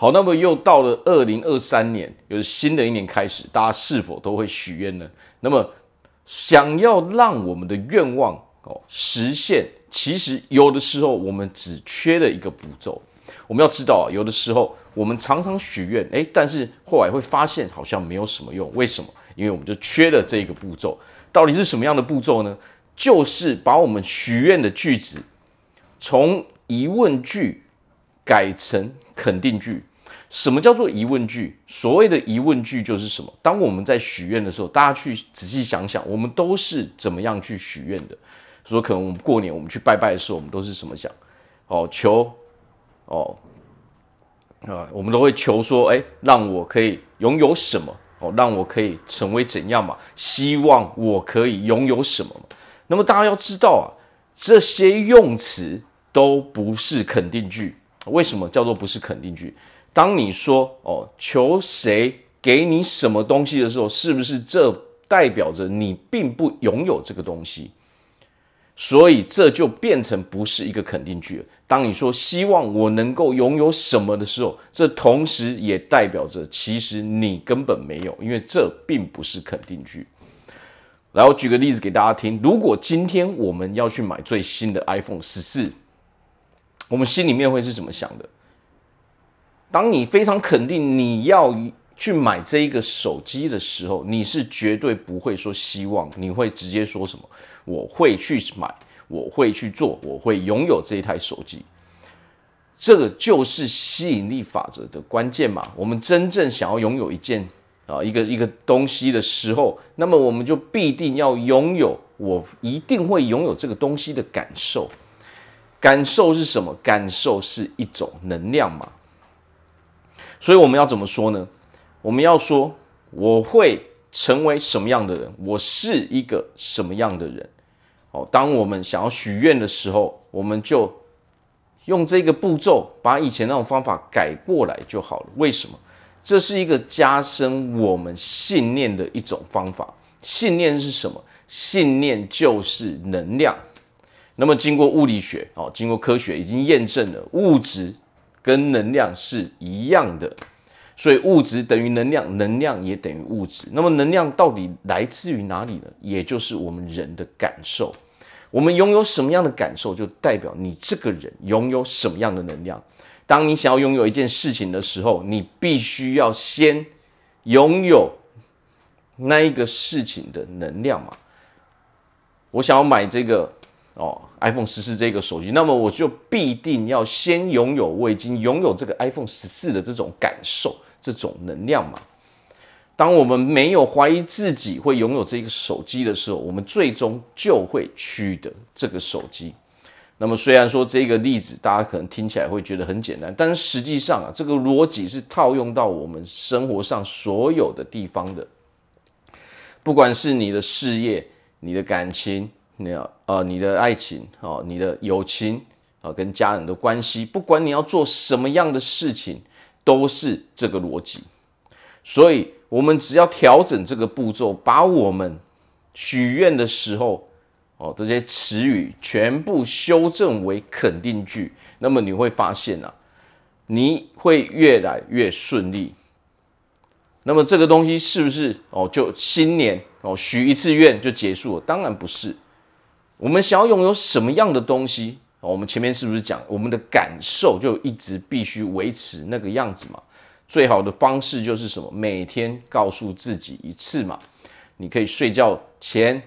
好，那麼又到了二零二三年，又是新的一年開始，大家是否都會許願呢？那麼，想要讓我們的願望哦實現，其實有的時候我們只缺了一個步驟。我們要知道啊，有的時候我們常常許願，哎，但是後來會發現好像沒有什麼用，為什麼？因為我們就缺了這一個步驟。到底是什麼樣的步驟呢？就是把我們許願的句子從疑問句改成肯定句。什麼叫做疑問句？所謂的疑問句就是什麼？當我們在許願的時候，大家去仔細想想，我們都是怎麼樣去許願的？說可能我們過年我們去拜拜的時候，我們都是什麼想哦，求哦啊、呃，我們都會求說，哎，讓我可以擁有什麼？哦，讓我可以成為怎樣嘛？希望我可以擁有什麼？那麼大家要知道啊，這些用詞都不是肯定句。為什麼叫做不是肯定句？當你說“哦，求誰給你什麼東西”的時候，是不是這代表着你並不擁有這個東西？所以這就變成不是一個肯定句了。當你說“希望我能夠擁有什麼”的時候，這同時也代表着其實你根本沒有，因為這並不是肯定句。來，我舉個例子給大家聽：如果今天我們要去買最新的 iPhone 十四，我們心裡面會是怎麼想的？當你非常肯定你要去買這一個手機的時候，你是絕對不會說希望，你會直接說什麼？我會去買，我會去做，我會擁有這一台手機。這個就是吸引力法則的關鍵嘛。我們真正想要擁有一件啊，一個一個東西的時候，那麼我們就必定要擁有，我一定會擁有這個東西的感受。感受是什麼？感受是一種能量嘛。所以我們要怎麼說呢？我們要說，我會成為什麼樣的人，我是一個什麼樣的人。好，當我們想要許願的時候，我們就用這個步驟把以前那種方法改過來就好了。為什麼？這是一個加深我們信念的一種方法。信念是什麼？信念就是能量。那麼，經過物理學哦，經過科學已經驗證了物質，跟能量是一樣的，所以物質等於能量，能量也等於物質。那麼能量到底來自於哪裡呢？也就是我們人的感受，我們擁有什麼樣的感受，就代表你這個人擁有什麼樣的能量。當你想要擁有一件事情的時候，你必須要先擁有那一個事情的能量嘛。我想要買這個。哦，iPhone 十四這個手機，那麼我就必定要先擁有，我已經擁有這個 iPhone 十四的這種感受、這種能量嘛。當我們沒有懷疑自己會擁有這個手機的時候，我們最終就會取得這個手機。那麼，雖然說這個例子大家可能聽起來會覺得很簡單，但是實際上啊，這個邏輯是套用到我們生活上所有的地方的，不管是你的事業、你的感情。你要、啊呃、你的愛情哦，你的友情啊、呃，跟家人的關係，不管你要做什麼樣的事情，都是這個邏輯。所以，我們只要調整這個步驟，把我們許願的時候哦，這些詞語全部修正為肯定句，那麼你會發現啊，你會越來越順利。那麼這個東西是不是哦？就新年哦，許一次願就結束了？當然不是。我們想要擁有什麼樣的東西？哦，我們前面是不是講，我們的感受就一直必須維持那個樣子嘛？最好的方式就是什麼？每天告訴自己一次嘛。你可以睡覺前，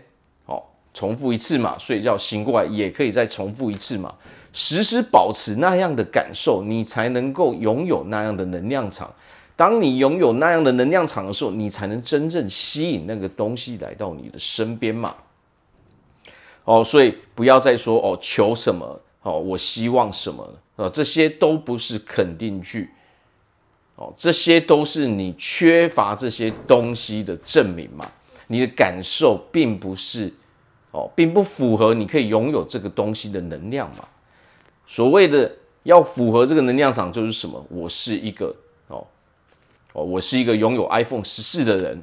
哦，重複一次嘛。睡覺醒過來也可以再重複一次嘛。時時保持那樣的感受，你才能夠擁有那樣的能量場。當你擁有那樣的能量場的時候，你才能真正吸引那個東西來到你的身邊嘛。哦，所以不要再說哦，求什麼哦，我希望什麼啊，哦，這些都不是肯定句。哦，這些都是你缺乏這些東西的證明嘛。你的感受並不是哦，並不符合你可以擁有這個東西的能量嘛。所謂的要符合這個能量場就是什麼？我是一個哦哦，我是一個擁有 iPhone 十四的人。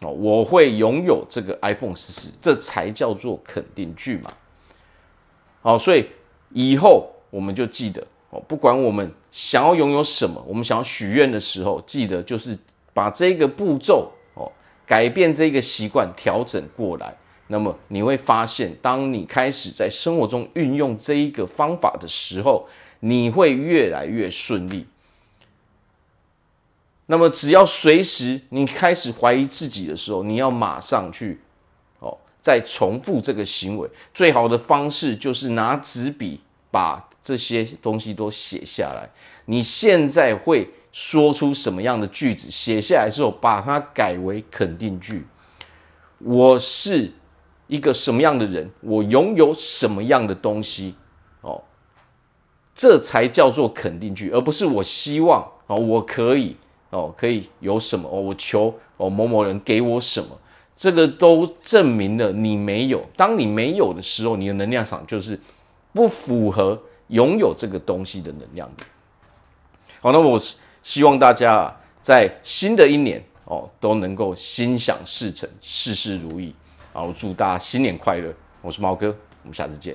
哦，我會擁有這個 iPhone 十四，這才叫做肯定句嘛。好，所以以後我們就記得哦，不管我們想要擁有什麼，我們想要許願的時候，記得就是把這個步驟哦，改變這個習慣，調整過來。那麼你會發現，當你開始在生活中運用這一個方法的時候，你會越來越順利。那麼，只要隨時你開始懷疑自己的時候，你要馬上去，哦，再重複這個行為。最好的方式就是拿紙筆把這些東西都寫下來。你現在會說出什麼樣的句子？寫下來之後，把它改為肯定句。我是一個什麼樣的人？我擁有什麼樣的東西？哦，這才叫做肯定句，而不是我希望啊，哦，我可以。哦，可以有什麼？哦，我求哦某某人給我什麼？這個都證明了你沒有。當你沒有的時候，你的能量場就是不符合擁有這個東西的能量的。好，那麼我希望大家啊，在新的一年哦都能夠心想事成，事事如意。好，祝大家新年快樂！我是毛哥，我們下次見。